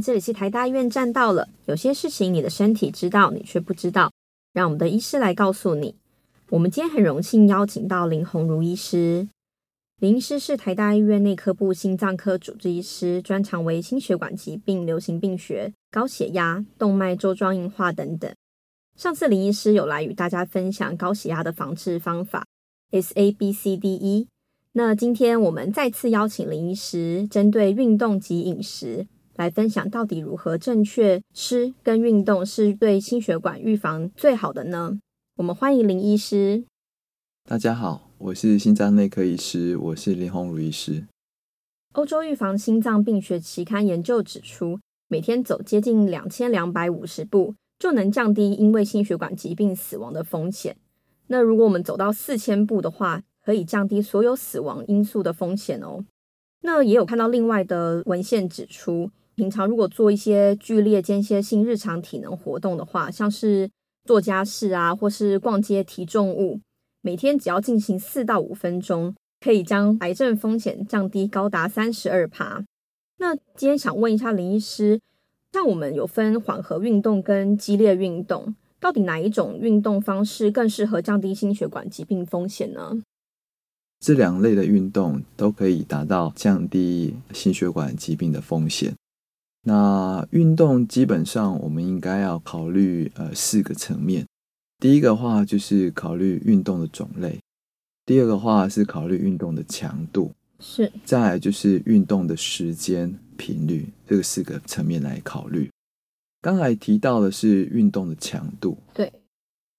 這裡是台大醫院站到了。有些事情你的身體知道，你卻不知道，讓我們的醫師來告訴你。我們今天很榮幸邀請到林鴻儒醫師。林醫師是台大醫院內科部心臟科主治醫師，專長為心血管疾病、流行病學、高血壓、動脈粥狀硬化等等。上次林醫師有來與大家分享高血壓的防治方法 S A B C D E。那今天我們再次邀請林醫師，針對運動及飲食。來分享到底如何正確吃跟運動是對心血管預防最好的呢？我們歡迎林醫師。大家好，我是心臟內科醫師，我是林鴻儒醫師。歐洲預防心臟病學期刊研究指出，每天走接近兩千兩百五十步，就能降低因為心血管疾病死亡的風險。那如果我們走到四千步的話，可以降低所有死亡因素的風險哦。那也有看到另外的文獻指出。平常如果做一些劇烈間歇性日常體能活動的話，像是做家事啊，或是逛街提重物，每天只要進行四到五分鐘，可以將癌症風險降低高達三十二趴。那今天想問一下林醫師，像我們有分緩和運動跟激烈運動，到底哪一種運動方式更適合降低心血管疾病風險呢？這兩類的運動都可以達到降低心血管疾病的風險。那運動基本上，我們應該要考慮呃四個層面。第一個話就是考慮運動的種類，第二個話是考慮運動的強度，是，再來就是運動的時間頻率，這個四個層面來考慮。剛才提到的是運動的強度，對。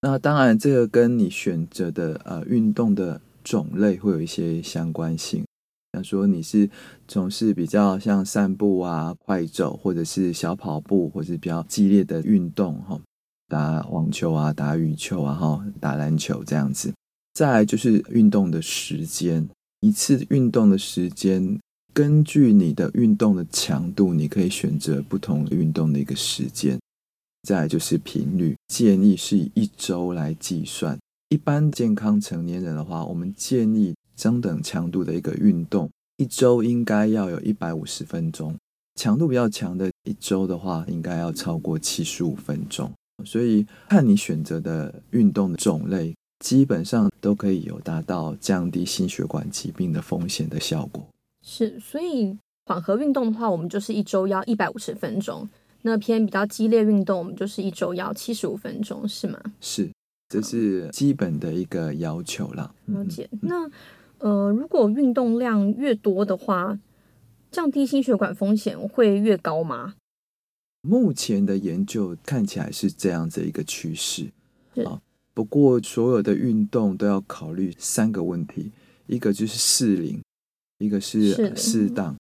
那當然，這個跟你選擇的呃運動的種類會有一些相關性。想說你是從事比較像散步啊、快走，或者是小跑步，或者是比較激烈的運動，哈，打網球啊、打羽球啊、哈、打籃球這樣子。再來就是運動的時間，一次運動的時間，根據你的運動的強度，你可以選擇不同的運動的一個時間。再來就是頻率，建議是以一周來計算。一般健康成年人的話，我們建議。相等強度的一個運動，一周應該要有一百五十分鐘，強度比較強的，一周的話應該要超過七十五分鐘。所以看你選擇的運動的種類，基本上都可以有達到降低心血管疾病的風險的效果。是，所以緩和運動的話，我們就是一周要一百五十分鐘，那偏比較激烈運動，我們就是一周要七十五分鐘，是嗎？是，這是基本的一個要求了。哦嗯、了解，那。呃，如果運動量越多的話，降低心血管風險會越高嗎？目前的研究看起來是這樣子一個趨勢是啊。不過所有的運動都要考慮三個問題，一個就是適齡，一個是適當，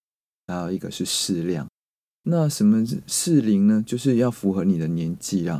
還有是一個是適量。那什麼適齡呢？就是要符合你的年紀啊。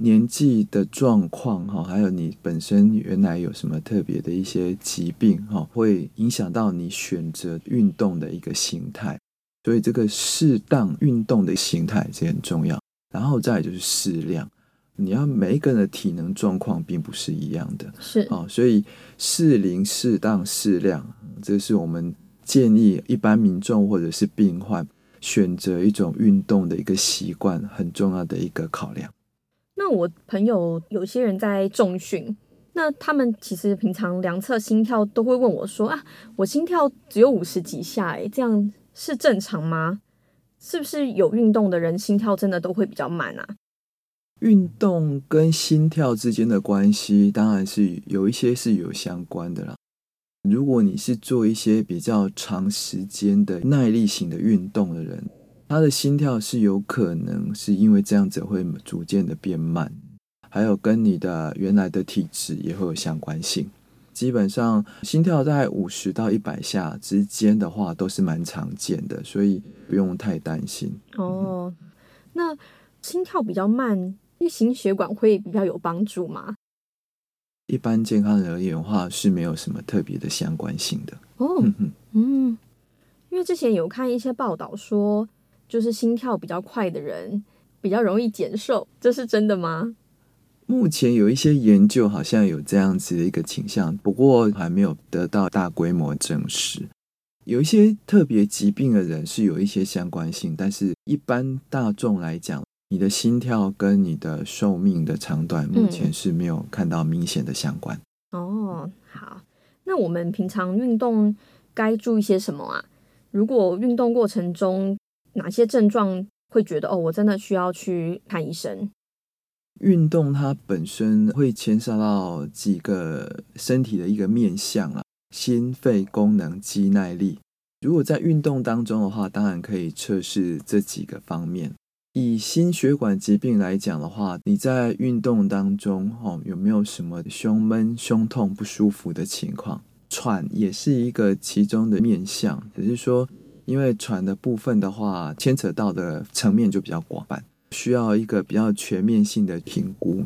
年紀的狀況哈，還有你本身原來有什麼特別的一些疾病哈，會影響到你選擇運動的一個型態。所以這個適當運動的型態這很重要。然後再就是適量，你要每一個人的體能狀況並不是一樣的，是哦。所以適齡、適當、適量，這是我們建議一般民眾或者是病患選擇一種運動的一個習慣，很重要的一個考量。那我朋友有些人在重訓，那他們其實平常量測心跳都會問我說啊，我心跳只有五十幾下，欸，誒，這樣是正常嗎？是不是有運動的人心跳真的都會比較慢啊？運動跟心跳之間的關係，當然是有一些是有相關的啦。如果你是做一些比較長時間的耐力型的運動的人，他的心跳是有可能是因為這樣子會逐漸的變慢，還有跟你的原來的體質也會有相關性。基本上心跳在五十到一百下之間的話，都是蠻常見的，所以不用太擔心。哦，那心跳比較慢對心血管會比較有幫助嗎？一般健康人而言的話，是沒有什麼特別的相關性的。哦， 嗯，因為之前有看一些報道說。就是心跳比較快的人比較容易減壽。這是真的嗎？目前有一些研究好像有這樣子的一個傾向，不過還沒有得到大規模證實。有一些特別疾病的人是有一些相關性，但是一般大眾來講，你的心跳跟你的壽命的長短目前是沒有看到明顯的相關。嗯。哦，好，那我們平常運動該注意些什麼啊？如果運動過程中，哪些症狀會覺得哦？我真的需要去看醫生。運動它本身會牽涉到幾個身體的一個面向啊，心肺功能、肌耐力。如果在運動當中的話，當然可以測試這幾個方面。以心血管疾病來講的話，你在運動當中哦，有沒有什麼胸悶、胸痛、不舒服的情況？喘也是一個其中的面向，只是說。因為喘的部分的話，牽扯到的層面就比較廣泛，需要一個比較全面性的評估。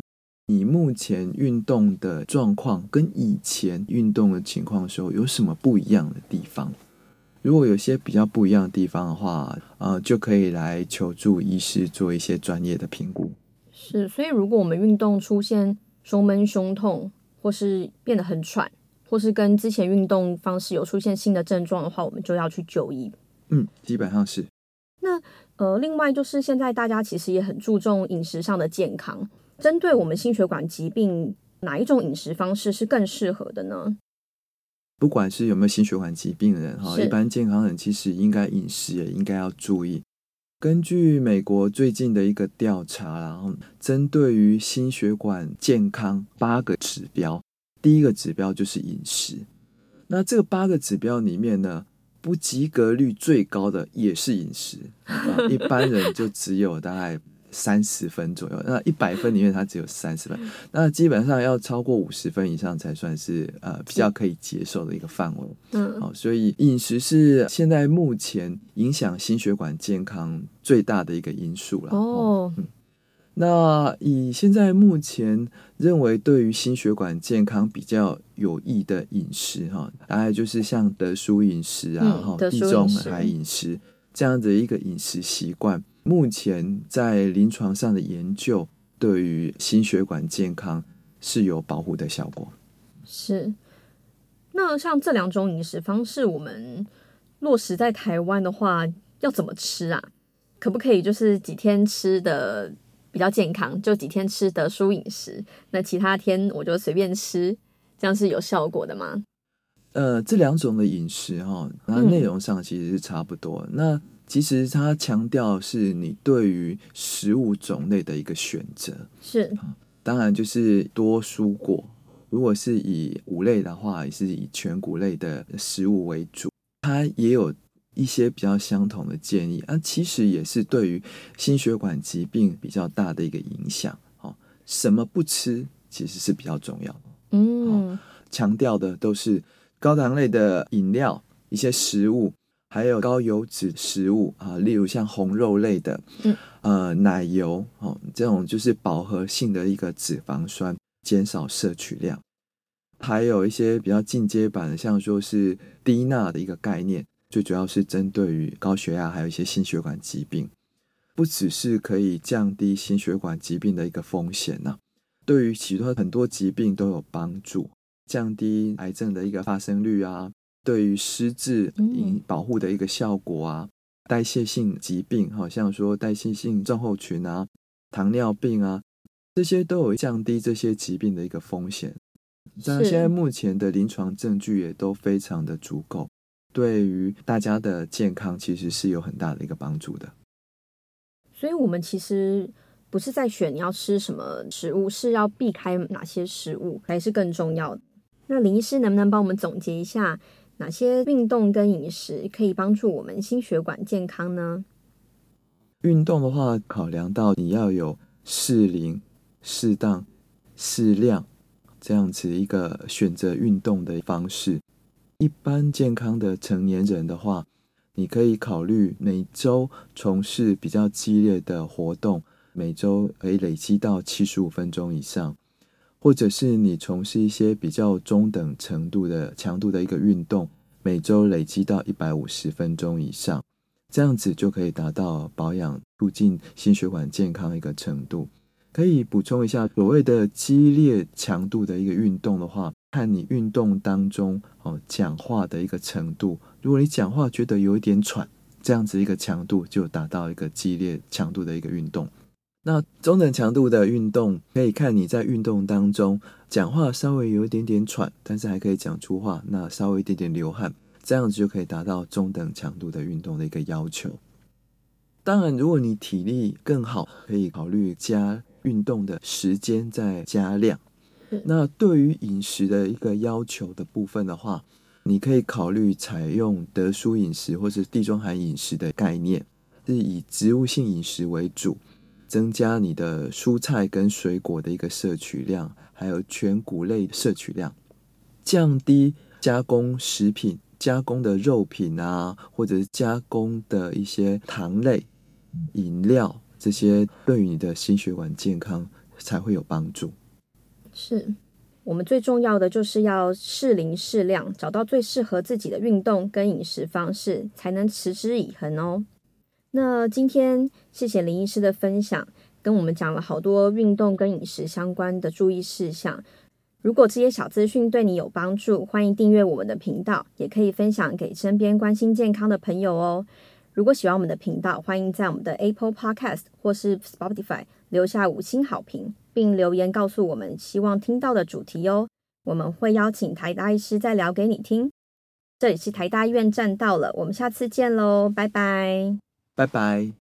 你目前運動的狀況跟以前運動的情況的時候有什麼不一樣的地方？如果有些比較不一樣的地方的話，呃，就可以來求助醫師做一些專業的評估。是，所以如果我們運動出現胸悶、胸痛，或是變得很喘，或是跟之前運動方式有出現新的症狀的話，我們就要去就醫。嗯，基本上是。那呃，另外就是現在大家其實也很注重飲食上的健康。針對我們心血管疾病，哪一種飲食方式是更適合的呢？不管是有沒有心血管疾病的人哈，是一般健康人其實應該飲食也應該要注意。根據美國最近的一個調查，然後針對於心血管健康八個指標，第一個指標就是飲食。那這八個指標裡面呢，不及格率最高的也是飲食， 一般人就只有大概三十分左右，那一百分裡面他只有三十分， 那基本上要超過五十分以上才算是呃比較可以接受的一個範圍。嗯，好，所以飲食是現在目前影響心血管健康最大的一個因素了。哦。嗯那以現在目前認為，對於心血管健康比較有益的飲食，哈，大概就是像得舒飲食啊，哈、嗯，地中海飲食，飲食這樣的一個飲食習慣，目前在臨床上的研究，對於心血管健康是有保護的效果。是。那像這兩種飲食方式，我們落實在台灣的話，要怎麼吃啊？可不可以就是幾天吃的？比較健康，就幾天吃得舒飲食，那其他天我就隨便吃，這樣是有效果的嗎？呃，這兩種的飲食哈，它內容上其實是差不多。嗯、那其實它強調是你對於食物種類的一個選擇，是，當然就是多蔬果。如果是以五類的話，也是以全穀類的食物為主，它也有。一些比較相同的建議啊，其實也是對於心血管疾病比較大的一個影響哦。什麼不吃其實是比較重要。嗯，哦，強調的都是高糖類的飲料、一些食物，還有高油脂食物啊，例如像紅肉類的，嗯，呃，奶油哦，這種就是飽和性的一個脂肪酸，減少攝取量。還有一些比較進階版的，像說是低鈉的一個概念。最主要是針對於高血壓，還有一些心血管疾病，不只是可以降低心血管疾病的一個風險呢、啊，對於其他很多疾病都有幫助，降低癌症的一個發生率啊，對於失智保護的一個效果啊，嗯、代謝性疾病，好像說代謝性症候群啊，糖尿病啊，這些都有降低這些疾病的一個風險，當然是現在目前的臨床證據也都非常的足夠。對於大家的健康，其實是有很大的一個幫助的。所以，我們其實不是在選你要吃什麼食物，是要避開哪些食物才是更重要的。那林醫師能不能幫我們總結一下，哪些運動跟飲食可以幫助我們心血管健康呢？運動的話，考量到你要有適齡、適當、適量這樣子一個選擇運動的方式。一般健康的成年人的話，你可以考慮每周從事比較激烈的活動，每周可以累積到七十五分鐘以上，或者是你從事一些比較中等程度的強度的一個運動，每周累積到一百五十分鐘以上，這樣子就可以達到保養、促進心血管健康的一個程度。可以補充一下，所謂的激烈強度的一個運動的話。看你運動當中哦，講話的一個程度。如果你講話覺得有一點喘，這樣子一個強度就達到一個激烈強度的一個運動。那中等強度的運動，可以看你在運動當中講話稍微有一點點喘，但是還可以講出話，那稍微一點點流汗，這樣子就可以達到中等強度的運動的一個要求。當然，如果你體力更好，可以考慮加運動的時間，再加量。那對於飲食的一個要求的部分的話，你可以考慮採用得舒飲食或是地中海飲食的概念，是以植物性飲食為主，增加你的蔬菜跟水果的一個攝取量，還有全穀類攝取量，降低加工食品、加工的肉品啊，或者是加工的一些糖類飲料，這些對於你的心血管健康才會有幫助。是，我們最重要的，就是要適齡適量，找到最適合自己的運動跟飲食方式，才能持之以恆哦。那今天謝謝林醫師的分享，跟我們講了好多運動跟飲食相關的注意事項。如果這些小資訊對你有幫助，歡迎訂閱我們的頻道，也可以分享給身邊關心健康的朋友哦。如果喜歡我們的頻道，歡迎在我們的 Apple Podcast 或是 Spotify 留下五星好評。並留言告訴我們希望聽到的主題哦。我們會邀請台大醫師再聊給你聽。這裡是台大醫院站到了，我們下次見嘍，拜拜，拜拜。